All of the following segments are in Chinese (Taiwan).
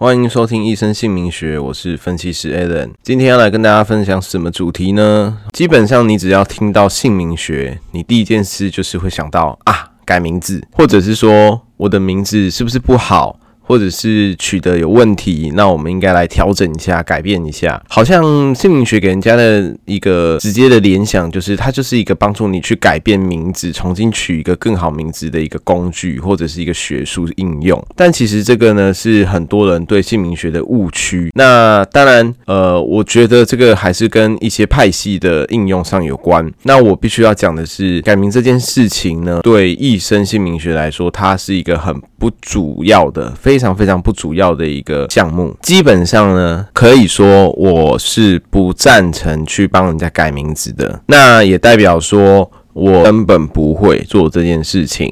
歡迎收聽《易生姓名學》，我是分析師 Alan。今天要來跟大家分享什麼主題呢？基本上，你只要聽到姓名學，你第一件事就是會想到啊，改名字，或者是說，我的名字是不是不好？或者是取得有問題，那我們應該來調整一下，改變一下。好像姓名學給人家的一個直接的聯想，就是它就是一個幫助你去改變名字，重新取一個更好名字的一個工具，或者是一個學術應用。但其實這個呢，是很多人對姓名學的誤區。那當然，呃，我覺得這個還是跟一些派系的應用上有關。那我必須要講的是，改名這件事情呢，對易生姓名學來說，它是一個很，不主要的，非常非常不主要的一個項目，基本上呢，可以說我是不贊成去幫人家改名字的。那也代表說，我根本不會做這件事情。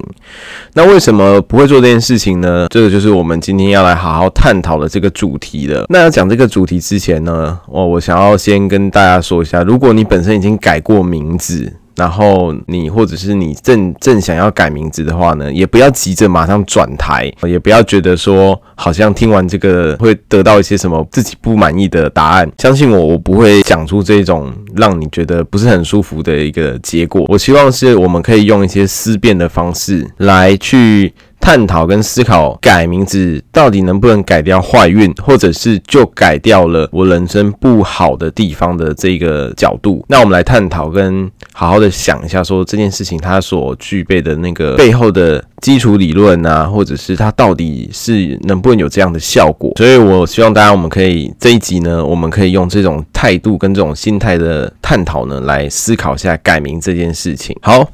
那為什麼不會做這件事情呢？這個就是我們今天要來好好探討的這個主題了。那要講這個主題之前呢，我我想要先跟大家說一下，如果你本身已經改過名字，然後你或者是你正正想要改名字的話呢，也不要急着馬上轉台，也不要覺得說好像聽完這個會得到一些什麼自己不滿意的答案。相信我，我不會講出這種讓你覺得不是很舒服的一個結果。我希望是我們可以用一些思辨的方式來去。探討跟思考改名字到底能不能改掉壞運，或者是就改掉了我人生不好的地方的這個角度，那我們來探討跟好好的想一下，說這件事情它所具備的那個背後的基礎理論啊，或者是它到底是能不能有這樣的效果。所以我希望大家我們可以這一集呢，我們可以用這種態度跟這種心態的探討呢，來思考一下改名這件事情。好。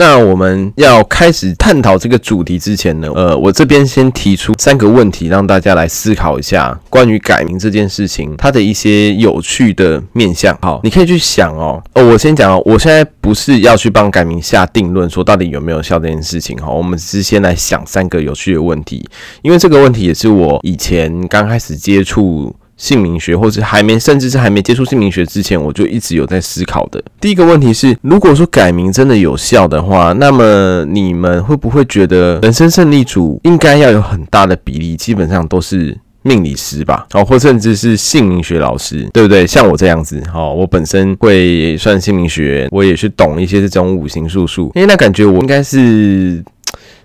那我們要開始探討這個主題之前呢，呃，我這邊先提出三個問題，讓大家來思考一下關於改名這件事情它的一些有趣的面向。好，你可以去想哦、喔。哦、呃，我先講哦、喔，我現在不是要去幫改名下定論，說到底有沒有效這件事情。好，我們只是先來想三個有趣的問題，因為這個問題也是我以前剛開始接觸。姓名學，或者還沒，甚至是還沒接觸姓名學之前，我就一直有在思考的。第一個問題是，如果說改名真的有效的話，那麼你們會不會覺得人生勝利組應該要有很大的比例，基本上都是命理師吧？哦，或甚至是姓名學老師，對不對？像我這樣子，哈、哦，我本身會算姓名學，我也是懂一些這種五行術數，因、欸、那感覺我應該是。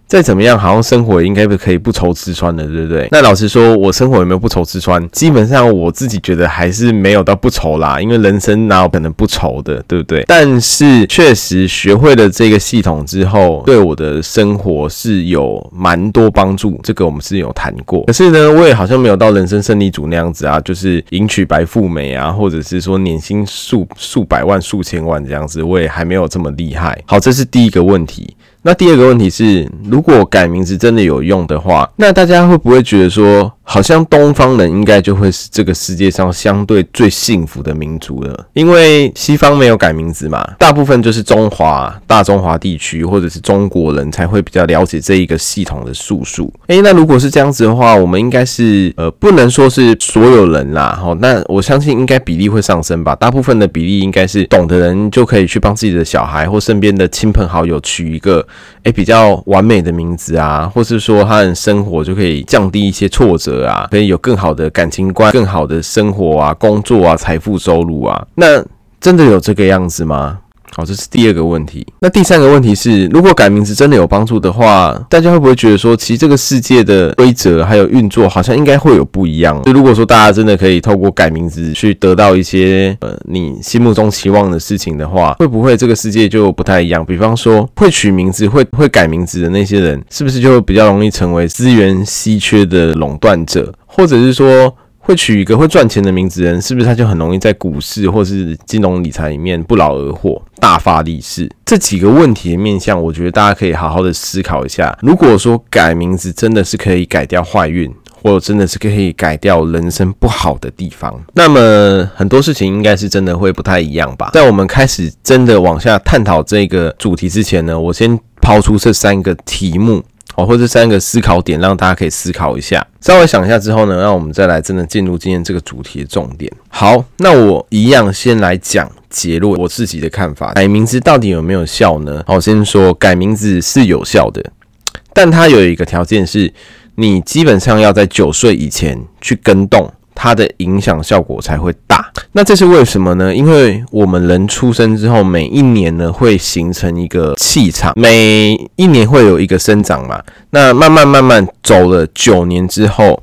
再怎麼樣，好像生活應該可以不愁吃穿的，對不對？那老實說，我生活有沒有不愁吃穿？基本上我自己覺得還是沒有到不愁啦，因為人生哪有可能不愁的，對不對？但是確實學會了這個系統之後，對我的生活是有蠻多幫助，這個我們是有談過。可是呢，我也好像沒有到人生勝利組那樣子啊，就是迎娶白富美啊，或者是說年薪數數百萬、數千萬這樣子，我也還沒有這麼厲害。好，這是第一個問題。那第二個問題是，如果改名字真的有用的話，那大家會不會覺得說，好像東方人應該就會是這個世界上相對最幸福的民族了？因為西方沒有改名字嘛，大部分就是中華大中華地區或者是中國人才會比較了解這一個系統的術數。誒、欸，那如果是這樣子的話，我們應該是呃不能說是所有人啦，好，那我相信應該比例會上升吧，大部分的比例應該是懂的人就可以去幫自己的小孩或身邊的親朋好友取一個。哎、欸，比較完美的名字啊，或是說他的生活就可以降低一些挫折啊，可以有更好的感情觀、更好的生活啊、工作啊、財富收入啊，那真的有這個樣子嗎？好，這是第二個問題。那第三個問題是，如果改名字真的有幫助的話，大家會不會覺得說，其實這個世界的規則還有運作好像應該會有不一樣？就如果說大家真的可以透過改名字去得到一些呃你心目中期望的事情的話，會不會這個世界就不太一樣？比方說，會取名字會會改名字的那些人，是不是就會比較容易成為資源稀缺的壟斷者，或者是說，會取一個會賺錢的名字的人，是不是他就很容易在股市或是金融理財裡面不勞而獲、大發利市？這幾個問題的面向，我覺得大家可以好好的思考一下。如果說改名字真的是可以改掉壞運，或者真的是可以改掉人生不好的地方，那麼很多事情應該是真的會不太一樣吧？在我們開始真的往下探討這個主題之前呢，我先拋出這三個題目。哦，或是三個思考點，讓大家可以思考一下，稍微想一下之後呢，讓我們再來真的進入今天這個主題的重點。好，那我一樣先來講結論，我自己的看法，改名字到底有沒有效呢？好，先說改名字是有效的，但它有一個條件是，你基本上要在九歲以前去更動。它的影響效果才會大，那這是為什麼呢？因為我們人出生之後，每一年呢會形成一個氣場，每一年會有一個生長嘛，那慢慢慢慢走了九年之後，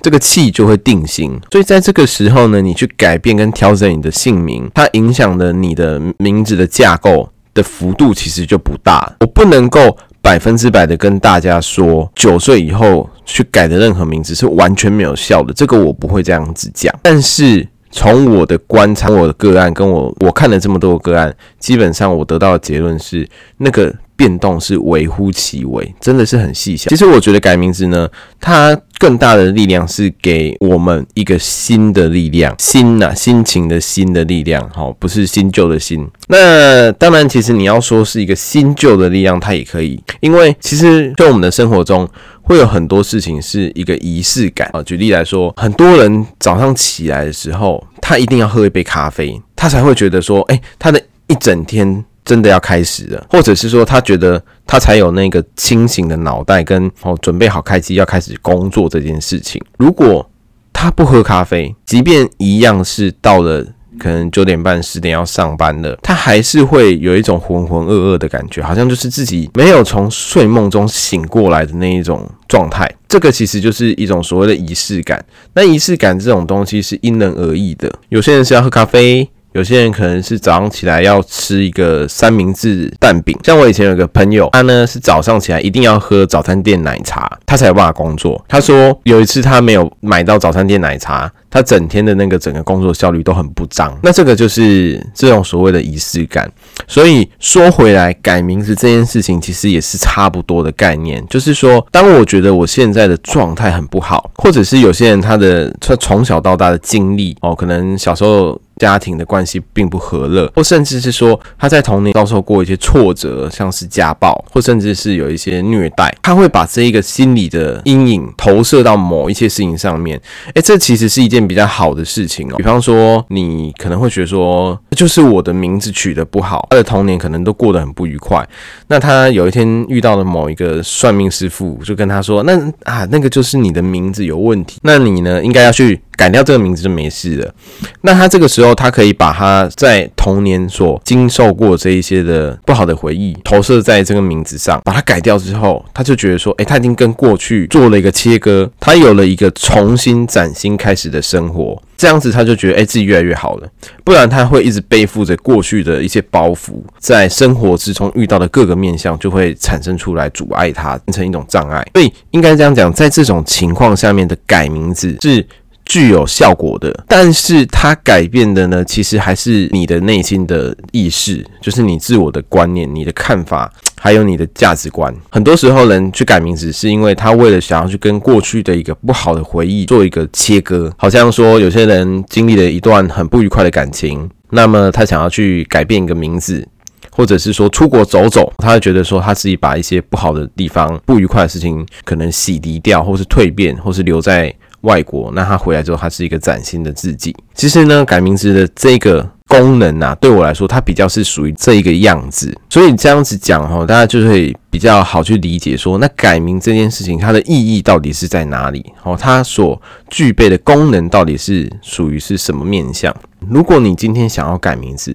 這個氣就會定型。所以在這個時候呢，你去改變跟調整你的姓名，它影響的你的名字的架構的幅度其實就不大。我不能夠。百分之百的跟大家說，九歲以後去改的任何名字是完全沒有效的。這個我不會這樣子講，但是從我的觀察，我的個案，跟我我看了這麼多個案，基本上我得到的結論是，那個。變動是微乎其微，真的是很細小。其實我覺得改名字呢，它更大的力量是給我們一個新的力量，新吶、啊，心情的新的力量，好，不是新舊的“新”那。那當然，其實你要說是一個新舊的力量，它也可以，因為其實在我們的生活中，會有很多事情是一個儀式感啊。舉例來說，很多人早上起來的時候，他一定要喝一杯咖啡，他才會覺得說，誒、欸，他的一整天。真的要開始了，或者是說他覺得他才有那個清醒的腦袋跟，跟哦準備好開機要開始工作這件事情。如果他不喝咖啡，即便一樣是到了可能九點半、十點要上班了，他還是會有一種渾渾噩噩的感覺，好像就是自己沒有從睡夢中醒過來的那一種狀態。這個其實就是一種所謂的儀式感。那儀式感這種東西是因人而異的，有些人是要喝咖啡。有些人可能是早上起來要吃一個三明治蛋餅，像我以前有個朋友，他呢是早上起來一定要喝早餐店奶茶，他才有辦法工作。他說有一次他沒有買到早餐店奶茶。他整天的那個整個工作效率都很不彰，那這個就是這種所謂的儀式感。所以說回來改名字這件事情，其實也是差不多的概念。就是說，當我覺得我現在的狀態很不好，或者是有些人他的他從小到大的經歷哦，可能小時候家庭的關係並不和樂，或甚至是說他在童年遭受受過一些挫折，像是家暴，或甚至是有一些虐待，他會把這一個心理的陰影投射到某一些事情上面。哎，這其實是一件。比較好的事情哦，比方說，你可能會覺得說，就是我的名字取得不好，他的童年可能都過得很不愉快。那他有一天遇到了某一個算命師傅，就跟他說：“那啊，那個就是你的名字有問題，那你呢，應該要去。”改掉這個名字就沒事了。那他這個時候，他可以把他在童年所經受過這一些的不好的回憶投射在這個名字上，把它改掉之後，他就覺得說：“誒、欸，他已經跟過去做了一個切割，他有了一個重新、嶄新開始的生活。”這樣子，他就覺得：“誒、欸，自己越來越好了。”不然，他會一直背負着過去的一些包袱，在生活之中遇到的各個面向就會產生出來阻，阻礙他形成一種障礙。所以，應該這樣講，在這種情況下面的改名字是。具有效果的，但是它改變的呢，其實還是你的內心的意識，就是你自我的觀念、你的看法，還有你的價值觀。很多時候，人去改名字，是因為他為了想要去跟過去的一個不好的回憶做一個切割。好像說，有些人經歷了一段很不愉快的感情，那麼他想要去改變一個名字，或者是說出國走走，他會覺得說他自己把一些不好的地方、不愉快的事情可能洗滌掉，或是蛻變，或是留在。外國，那他回來之後，他是一個嶄新的自己。其實呢，改名字的這個功能啊，對我來說，它比較是屬於這一個樣子。所以這樣子講哦，大家就會比較好去理解說，說那改名這件事情，它的意義到底是在哪裡？哦，它所具備的功能到底是屬於是什麼面向？如果你今天想要改名字。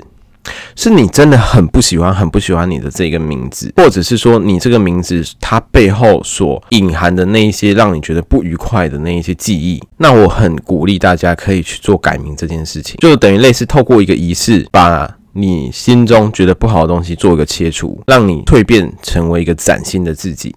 是你真的很不喜歡，很不喜歡你的這個名字，或者是說你這個名字它背後所隱含的那一些讓你覺得不愉快的那一些記憶。那我很鼓勵大家可以去做改名這件事情，就等於類似透過一個儀式，把你心中覺得不好的東西做一個切除，讓你蛻變成為一個嶄新的自己。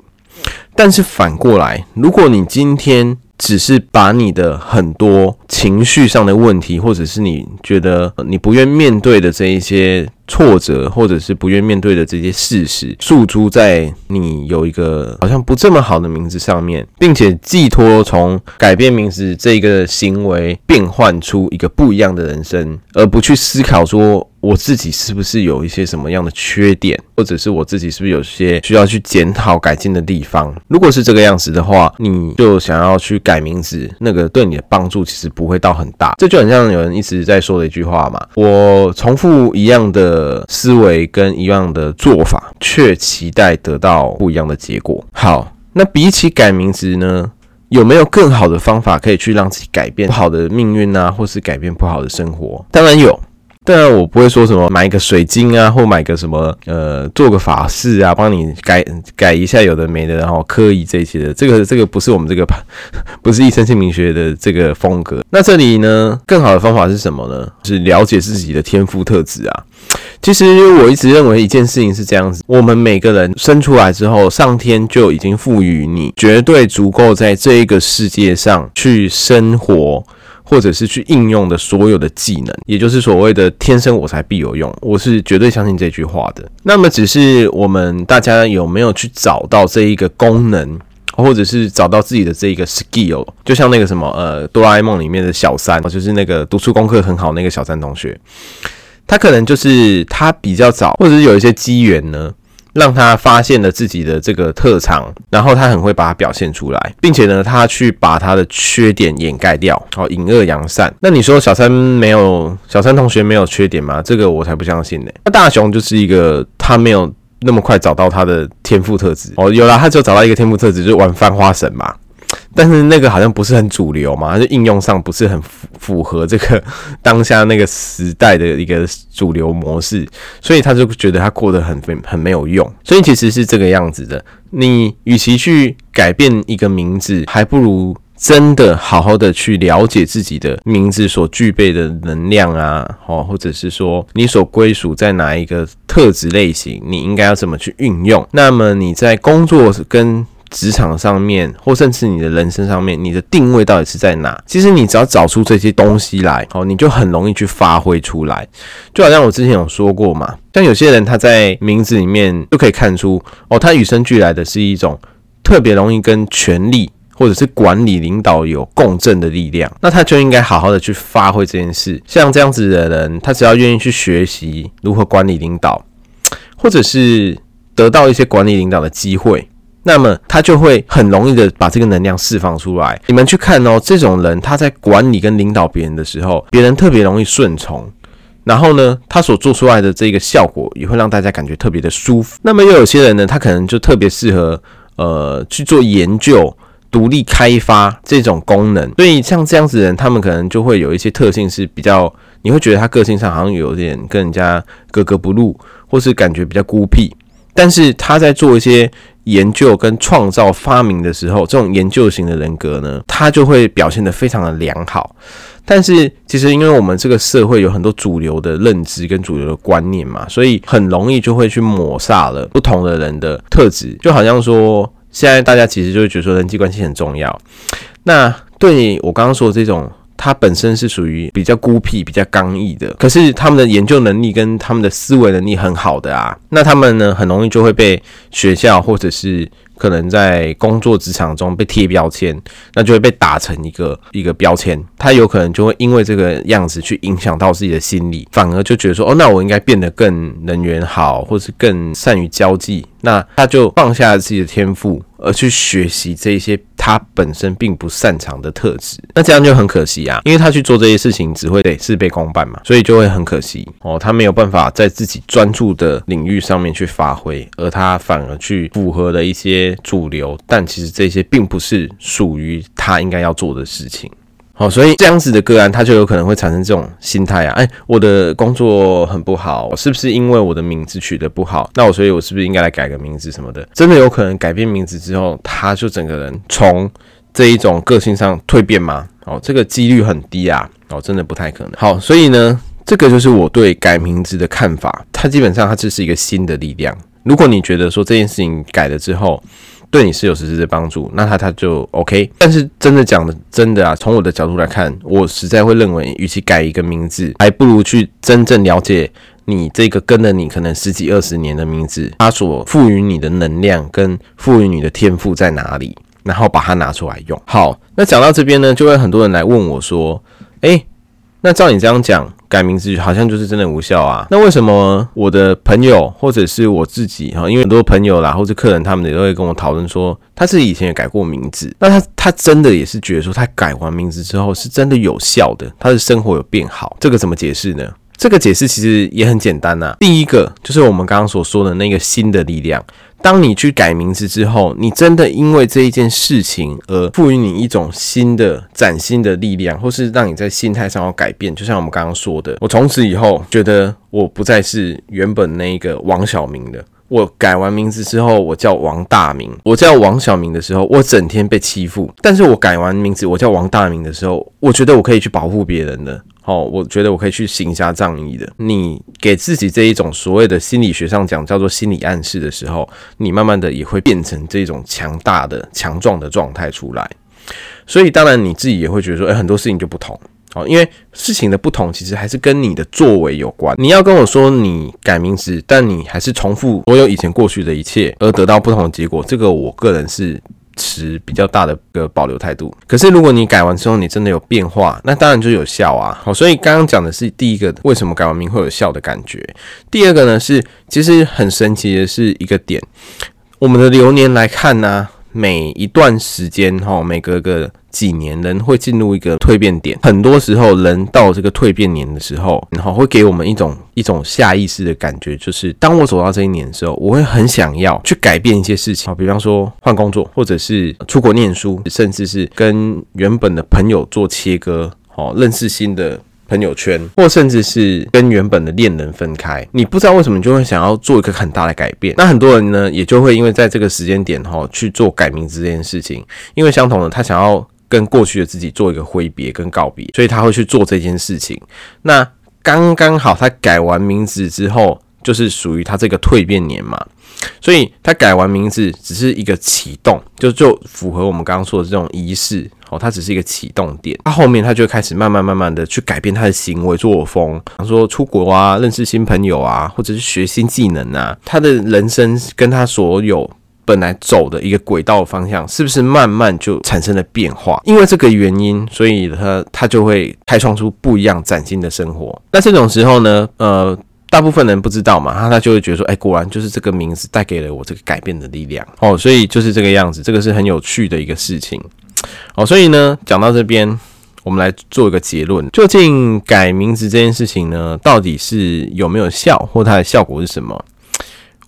但是反過來，如果你今天只是把你的很多情緒上的問題，或者是你覺得你不願面對的這一些挫折，或者是不願面對的這些事實，訴諸在你有一個好像不這麼好的名字上面，並且寄託從改變名字這個行為變換出一個不一樣的人生，而不去思考說，我自己是不是有一些什麼樣的缺點，或者是我自己是不是有些需要去檢討改進的地方？如果是這個樣子的話，你就想要去改名字，那個對你的幫助其實不會到很大。這就很像有人一直在說的一句話嘛：我重複一樣的思維跟一樣的做法，卻期待得到不一樣的結果。好，那比起改名字呢，有沒有更好的方法可以去讓自己改變不好的命運啊，或是改變不好的生活？當然有。當然，我不會說什麼買個水晶啊，或買個什麼呃，做個法事啊，幫你改改一下有的沒的，然後科儀這些的，這個這個不是我們這個不是易生姓名學的這個風格。那這裡呢，更好的方法是什麼呢？是了解自己的天賦特質啊。其實因為我一直認為一件事情是這樣子：我們每個人生出來之後，上天就已經賦予你絕對足夠，在這一個世界上去生活。或者是去應用的所有的技能，也就是所謂的“天生我材必有用”，我是絕對相信這句話的。那麼，只是我們大家有沒有去找到這一個功能，或者是找到自己的這一個 skill？就像那個什麼，呃，哆啦 A 夢裡面的小三，就是那個讀書功課很好那個小三同學，他可能就是他比較早，或者是有一些機緣呢。讓他發現了自己的這個特長，然後他很會把它表現出來，並且呢，他去把他的缺點掩蓋掉，哦，隱惡揚善。那你說小三沒有小三同學沒有缺點嗎？這個我才不相信呢、欸。那大雄就是一個他沒有那麼快找到他的天賦特質哦，有啦，他就找到一個天賦特質，就是玩翻花繩嘛。但是那個好像不是很主流嘛，就應用上不是很符符合這個當下那個時代的一個主流模式，所以他就覺得他過得很沒很沒有用，所以其實是這個樣子的。你與其去改變一個名字，還不如真的好好的去了解自己的名字所具備的能量啊，好，或者是說你所歸屬在哪一個特質類型，你應該要怎麼去運用。那麼你在工作跟職場上面，或甚至你的人生上面，你的定位到底是在哪？其實你只要找出這些東西來，哦，你就很容易去發揮出來。就好像我之前有說過嘛，像有些人他在名字裡面就可以看出，哦，他與生俱來的是一種特別容易跟權力或者是管理領導有共振的力量，那他就應該好好的去發揮這件事。像這樣子的人，他只要願意去學習如何管理領導，或者是得到一些管理領導的機會，那麼他就會很容易的把這個能量釋放出來。你們去看哦，這種人他在管理跟領導別人的時候，別人特別容易順從。然後呢，他所做出來的這個效果也會讓大家感覺特別的舒服。那麼又有些人呢，他可能就特別適合呃去做研究、獨立開發這種功能。所以像這樣子的人，他們可能就會有一些特性是比較，你會覺得他個性上好像有點跟人家格格不入，或是感覺比較孤僻。但是他在做一些研究跟創造發明的時候，這種研究型的人格呢，他就會表現得非常的良好。但是其實，因為我們這個社會有很多主流的認知跟主流的觀念嘛，所以很容易就會去抹殺了不同的人的特質。就好像說，現在大家其實就會覺得說人際關係很重要。那對我剛剛說的這種。他本身是屬於比較孤僻，比較剛毅的，可是他們的研究能力跟他們的思維能力很好的啊，那他們呢，很容易就會被學校或者是可能在工作職場中被貼標籤，那就會被打成一個一個標籤。他有可能就會因為這個樣子去影響到自己的心理，反而就覺得說：“哦，那我應該變得更人緣好，或是更善於交際。”那他就放下了自己的天賦，而去學習這一些他本身並不擅長的特質。那這樣就很可惜啊，因為他去做這些事情，只會得事倍功半嘛，所以就會很可惜哦。他沒有辦法在自己專注的領域上面去發揮，而他反而去符合了一些主流，但其實這些並不是屬於他應該要做的事情。好，所以這樣子的個案，他就有可能會產生這種心態啊！誒、欸，我的工作很不好，我是不是因為我的名字取得不好？那我，所以我是不是應該來改個名字什麼的？真的有可能改變名字之後，他就整個人從這一種個性上蛻變嗎？哦，這個幾率很低啊！哦，真的不太可能。好，所以呢，這個就是我對改名字的看法。它基本上它就是一個新的力量。如果你覺得說這件事情改了之後，對你是有實質的幫助，那他他就 OK。但是真的講的真的啊，從我的角度來看，我實在會認為，與其改一個名字，還不如去真正了解你這個跟了你可能十幾二十年的名字，它所賦予你的能量跟賦予你的天賦在哪裡，然後把它拿出來用。好，那講到這邊呢，就會很多人來問我說，誒、欸……那照你這樣講，改名字好像就是真的無效啊？那為什麼我的朋友或者是我自己哈，因為很多朋友啦，或者客人，他們也都會跟我討論說，他自己以前也改過名字，那他他真的也是覺得說，他改完名字之後是真的有效的，他的生活有變好，這個怎麼解釋呢？這個解釋其實也很簡單吶、啊。第一個就是我們剛剛所說的那個新的力量。當你去改名字之後，你真的因為這一件事情而賦予你一種新的、嶄新的力量，或是讓你在心態上要改變，就像我們剛剛說的，我從此以後覺得我不再是原本那個王小明了。我改完名字之後，我叫王大明。我叫王小明的時候，我整天被欺負。但是我改完名字，我叫王大明的時候，我覺得我可以去保護別人的。好，我覺得我可以去行俠仗義的。你給自己這一種所謂的心理學上講叫做心理暗示的時候，你慢慢的也會變成這種強大的、強壯的狀態出來。所以，當然你自己也會覺得說，哎、欸，很多事情就不同。好，因為事情的不同，其實還是跟你的作為有關。你要跟我說你改名字，但你還是重複所有以前過去的一切，而得到不同的結果，這個我個人是持比較大的個保留態度。可是，如果你改完之後，你真的有變化，那當然就有效啊。好，所以剛剛講的是第一個為什麼改完名會有效的感覺。第二個呢，是其實很神奇的是一個點，我們的流年來看呢、啊。每一段時間哈，每隔個幾年，人會進入一個蛻變點。很多時候，人到這個蛻變年的時候，然後會給我們一種一種下意識的感覺，就是當我走到這一年的時候，我會很想要去改變一些事情啊，比方說，換工作，或者是出國念書，甚至是跟原本的朋友做切割，好認識新的朋友圈，或甚至是跟原本的戀人分開，你不知道為什麼就會想要做一個很大的改變。那很多人呢，也就會因為在這個時間點齁去做改名字這件事情，因為相同的，他想要跟過去的自己做一個揮別跟告別，所以他會去做這件事情。那剛剛好，他改完名字之後，就是屬於他這個蛻變年嘛。所以他改完名字，只是一個啟動，就就符合我們剛剛說的這種儀式，哦，他只是一個啟動點，他、啊、後面他就會開始慢慢慢慢的去改變他的行為作風，說出國啊，認識新朋友啊，或者是學新技能啊，他的人生跟他所有本來走的一個軌道的方向，是不是慢慢就產生了變化？因為這個原因，所以他他就會開創出不一樣嶄新的生活。那這種時候呢，呃。大部分人不知道嘛，他他就會覺得說，欸，果然就是這個名字帶給了我這個改變的力量哦，所以就是這個樣子，這個是很有趣的一個事情。好，所以呢，講到這邊，我們來做一個結論：究竟改名字這件事情呢，到底是有沒有效，或它的效果是什麼？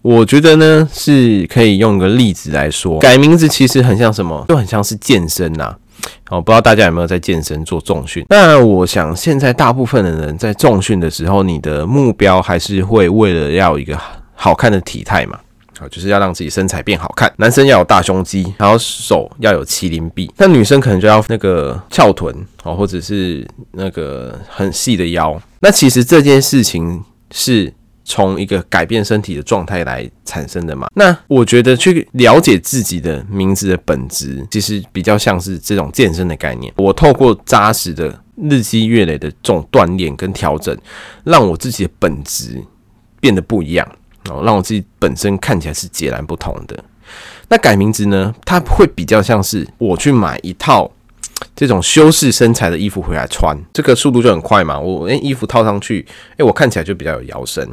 我覺得呢，是可以用個例子來說，改名字其實很像什麼，就很像是健身吶。好，不知道大家有沒有在健身做重訓？那我想，現在大部分的人在重訓的時候，你的目標還是會為了要有一個好看的體態嘛？好，就是要讓自己身材變好看。男生要有大胸肌，然後手要有麒麟臂；那女生可能就要那個翹臀哦，或者是那個很細的腰。那其實這件事情是。從一個改變身體的狀態來產生的嘛，那我覺得去了解自己的名字的本質，其實比較像是這種健身的概念。我透過紮實的日積月累的這種鍛煉跟調整，讓我自己的本質變得不一樣，哦，讓我自己本身看起來是截然不同的。那改名字呢，它會比較像是我去買一套。這種修飾身材的衣服回來穿，這個速度就很快嘛。我誒、欸，衣服套上去，誒、欸，我看起來就比較有腰身，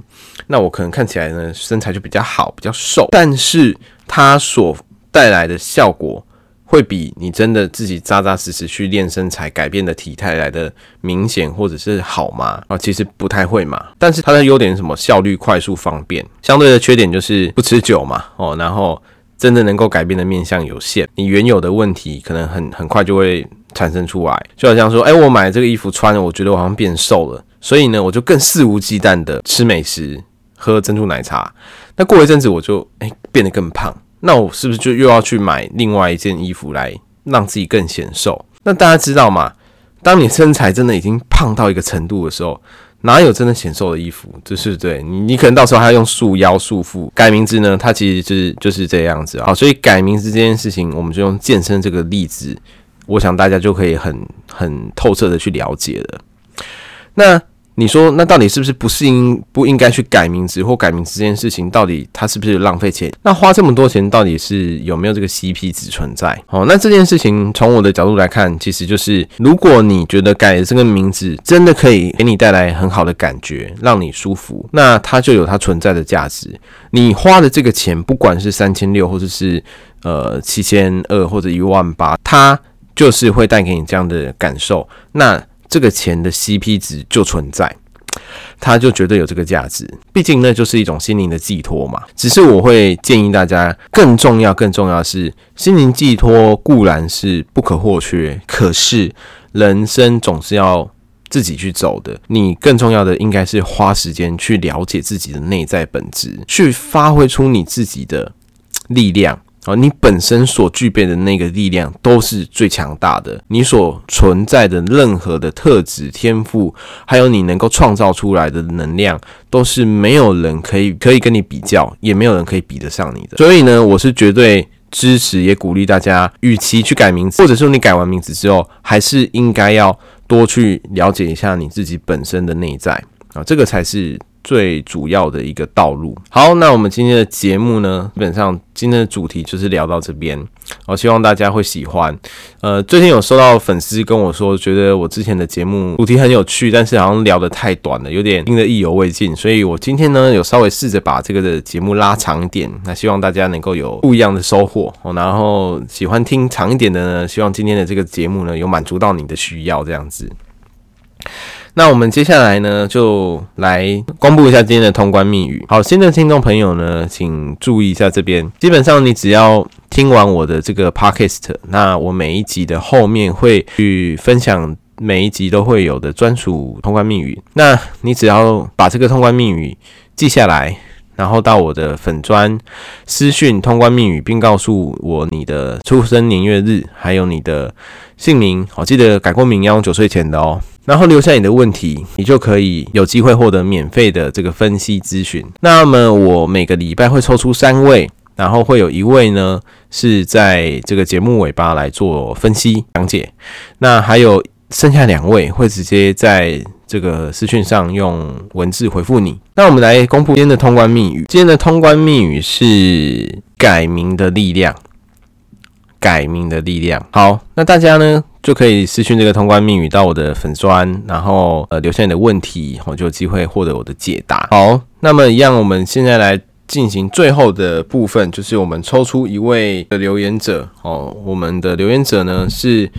那我可能看起來呢，身材就比較好，比較瘦。但是它所帶來的效果，會比你真的自己扎扎實實去練身材改變的體態來的明顯或者是好嗎？啊，其實不太會嘛。但是它的優點是什麼，效率快速方便，相對的缺點就是不持久嘛。哦，然後。真的能夠改變的面相有限，你原有的問題可能很很快就會產生出來，就好像說，誒、欸，我買了這個衣服穿了，我覺得我好像變瘦了，所以呢，我就更肆無忌憚的吃美食，喝珍珠奶茶。那過一陣子我就誒、欸，變得更胖，那我是不是就又要去買另外一件衣服來讓自己更顯瘦？那大家知道嗎？當你身材真的已經胖到一個程度的時候，哪有真的顯瘦的衣服？就是對你，你可能到時候還要用束腰束腹改名字呢。它其實就是就是這樣子啊。好，所以改名字這件事情，我們就用健身這個例子，我想大家就可以很很透徹的去了解了。那。你說，那到底是不是不適應不應該去改名字或改名字這件事情？到底它是不是浪費錢？那花這麼多錢，到底是有沒有這個 CP 值存在？哦，那這件事情從我的角度來看，其實就是如果你覺得改這個名字真的可以給你帶來很好的感覺，讓你舒服，那它就有它存在的價值。你花的這個錢，不管是三千六，呃、或者是呃七千二，或者一萬八，它就是會帶給你這樣的感受。那這個錢的 CP 值就存在，他就絕對有這個價值，畢竟那就是一種心靈的寄托嘛。只是我會建議大家，更重要、更重要的是，心靈寄托固然是不可或缺，可是人生總是要自己去走的。你更重要的應該是花時間去了解自己的內在本質，去發揮出你自己的力量。而你本身所具備的那個力量都是最強大的，你所存在的任何的特質、天賦，還有你能夠創造出來的能量，都是沒有人可以可以跟你比較，也沒有人可以比得上你的。所以呢，我是絕對支持，也鼓勵大家，與其去改名字，或者說你改完名字之後，還是應該要多去了解一下你自己本身的內在啊，這個才是。最主要的一個道路。好，那我們今天的節目呢，基本上今天的主題就是聊到這邊。我、哦、希望大家會喜歡。呃，最近有收到粉絲跟我說，覺得我之前的節目主題很有趣，但是好像聊得太短了，有點聽得意猶未盡。所以我今天呢，有稍微試着把這個的節目拉長一點。那希望大家能夠有不一樣的收穫、哦。然後喜歡聽長一點的呢，希望今天的這個節目呢，有滿足到你的需要這樣子。那我們接下來呢，就來公布一下今天的通關密語。好，新的聽眾朋友呢，請注意一下這邊。基本上你只要聽完我的這個 podcast。那我每一集的後面會去分享，每一集都會有的專屬通關密語。那你只要把這個通關密語記下來，然後到我的粉專私訊通關密語，並告訴我你的出生年月日，還有你的姓名。我、哦、記得改過名要用九歲前的哦。然後留下你的問題，你就可以有機會獲得免費的這個分析諮詢。那麼我每個禮拜會抽出三位，然後會有一位呢，是在這個節目尾巴來做分析講解，那還有剩下兩位會直接在這個私訊上用文字回復你。那我們來公布今天的通關密語，今天的通關密語是改名的力量。改名的力量。好，那大家呢就可以私訊這個通關密語到我的粉專，然後呃，留下你的問題，我就有機會獲得我的解答。好，那麼一樣，我們現在來進行最後的部分，就是我們抽出一位的留言者哦。我們的留言者呢是。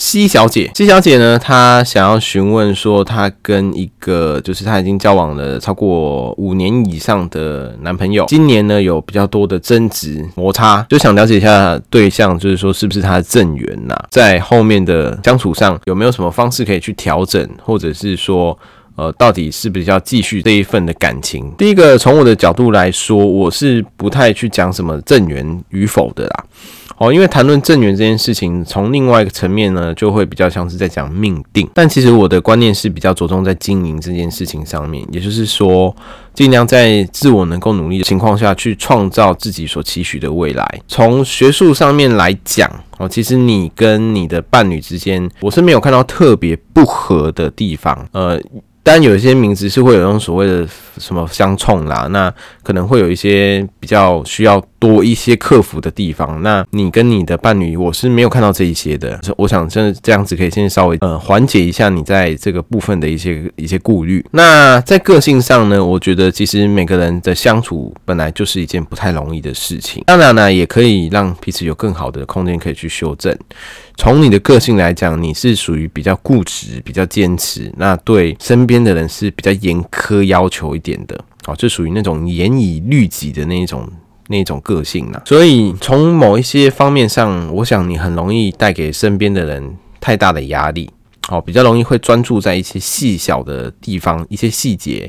西小姐，西小姐呢，她想要詢問說，她跟一個就是她已經交往了超過五年以上的男朋友，今年呢有比較多的爭執摩擦，就想了解一下對象，就是說是不是她的正緣吶？在後面的相處上有沒有什麼方式可以去調整，或者是說，呃，到底是不是要繼續這一份的感情？第一個，從我的角度來說，我是不太去講什麼正緣與否的啦。哦，因為談論正緣這件事情，從另外一個層面呢，就會比較像是在講命定。但其實我的觀念是比較着重在經營這件事情上面，也就是說，儘量在自我能夠努力的情況下去創造自己所期許的未來。從學術上面來講，哦，其實你跟你的伴侶之間，我是沒有看到特別不合的地方。呃，當然有一些名字是會有那種所謂的什麼相沖啦，那可能會有一些比較需要。多一些克服的地方。那你跟你的伴侶，我是沒有看到這一些的。我想，真的這樣子可以先稍微呃緩解一下你在這個部分的一些一些顧慮。那在個性上呢，我覺得其實每個人的相處本來就是一件不太容易的事情。當然呢，也可以讓彼此有更好的空間可以去修正。從你的個性來講，你是屬於比較固執、比較堅持，那對身邊的人是比較嚴苛要求一點的。哦，就屬於那種嚴以律己的那一種。那種個性呢、啊？所以從某一些方面上，我想你很容易帶給身邊的人太大的壓力。好，比較容易會專注在一些細小的地方、一些細節。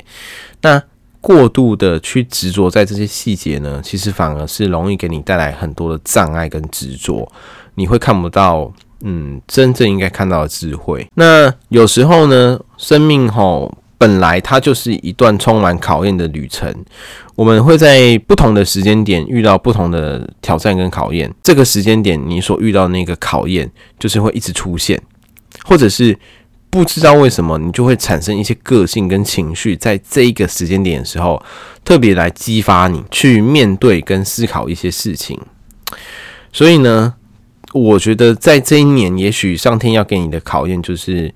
那過度的去執着在這些細節呢，其實反而是容易給你帶來很多的障礙跟執着。你會看不到，嗯，真正應該看到的智慧。那有時候呢，生命吼，本來它就是一段充滿考驗的旅程，我們會在不同的時間點遇到不同的挑戰跟考驗。這個時間點你所遇到的那個考驗，就是會一直出現，或者是不知道為什麼你就會產生一些個性跟情緒，在這一個時間點的時候，特別來激發你去面對跟思考一些事情。所以呢，我覺得在這一年，也許上天要給你的考驗就是。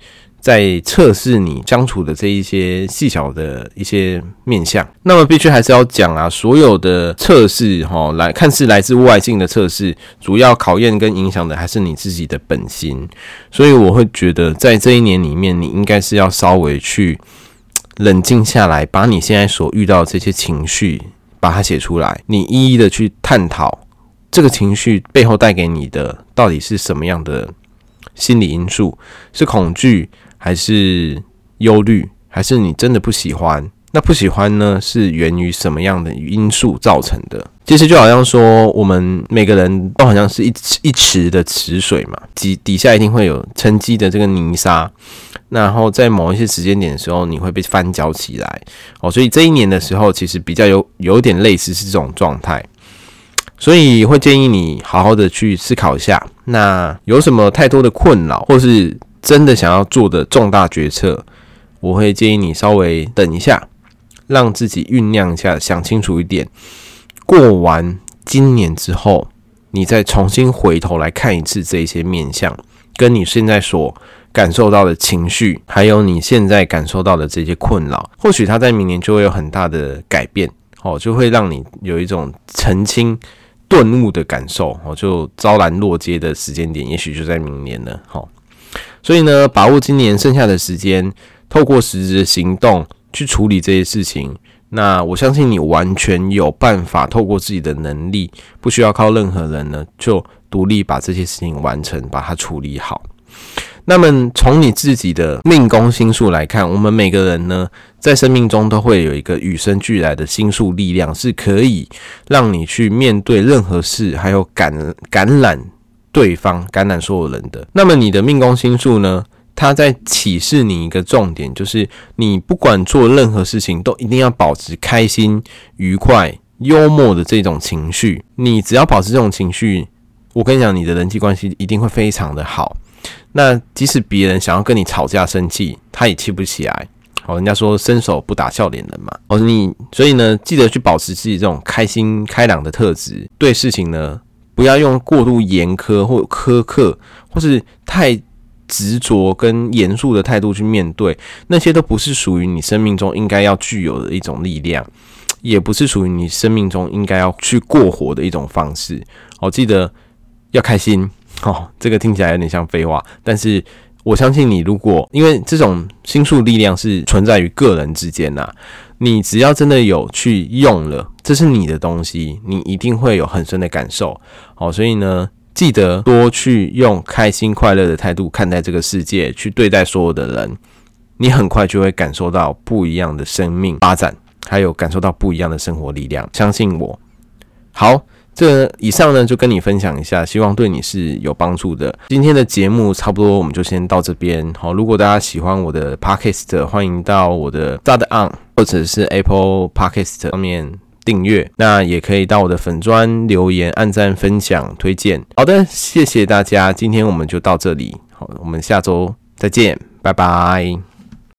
在測試你相處的這一些細小的一些面相，那麼必須還是要講啊，所有的測試哈，來看似來自外境的測試，主要考驗跟影響的還是你自己的本心。所以我會覺得，在這一年裡面，你應該是要稍微去冷靜下來，把你現在所遇到的這些情緒，把它寫出來，你一一的去探討這個情緒背後帶給你的到底是什麼樣的心理因素，是恐懼。還是憂慮，還是你真的不喜歡？那不喜歡呢？是源於什麼樣的因素造成的？其實就好像說，我們每個人都好像是一池一池的池水嘛，底底下一定會有沉積的這個泥沙，然後在某一些時間點的時候，你會被翻攪起來。哦，所以這一年的時候，其實比較有有點類似是這種狀態，所以會建議你好好的去思考一下，那有什麼太多的困擾，或是？真的想要做的重大決策，我會建議你稍微等一下，讓自己醞釀一下，想清楚一點。過完今年之後，你再重新回頭來看一次這一些面相，跟你現在所感受到的情緒，還有你現在感受到的這些困擾，或許它在明年就會有很大的改變，哦，就會讓你有一種澄清頓悟的感受。哦，就昭然若揭的時間點，也許就在明年了，好、哦。所以呢，把握今年剩下的時間，透過實質的行動去處理這些事情。那我相信你完全有辦法，透過自己的能力，不需要靠任何人呢，就獨立把這些事情完成，把它處理好。那麼從你自己的命宮星數來看，我們每個人呢，在生命中都會有一個與生俱來的星數力量，是可以讓你去面對任何事，還有感感染。對方感染所有人的，那麼你的命宮星數呢？它在啟示你一個重點，就是你不管做任何事情，都一定要保持開心、愉快、幽默的這種情緒。你只要保持這種情緒，我跟你講，你的人際關係一定會非常的好。那即使別人想要跟你吵架、生氣，他也氣不起來。好，人家說伸手不打笑臉人嘛。哦，你所以呢，記得去保持自己這種開心、開朗的特質，對事情呢。不要用過度嚴苛或苛刻，或是太執着跟嚴肅的態度去面對，那些都不是屬於你生命中應該要具有的一種力量，也不是屬於你生命中應該要去過活的一種方式。好，記得要開心，哦，這個聽起來有點像廢話，但是。我相信你，如果因為這種心術力量是存在於個人之間吶、啊，你只要真的有去用了，這是你的東西，你一定會有很深的感受。好，所以呢，記得多去用開心快樂的態度看待這個世界，去對待所有的人，你很快就會感受到不一樣的生命發展，還有感受到不一樣的生活力量。相信我，好。這以上呢，就跟你分享一下，希望對你是有幫助的。今天的節目差不多，我們就先到這邊。好，如果大家喜歡我的 podcast，歡迎到我的 SoundOn 或者是 Apple Podcast 上面訂閱。那也可以到我的粉專留言、按讚、分享、推薦。好的，謝謝大家，今天我們就到這裡。好，我們下周再見，拜拜。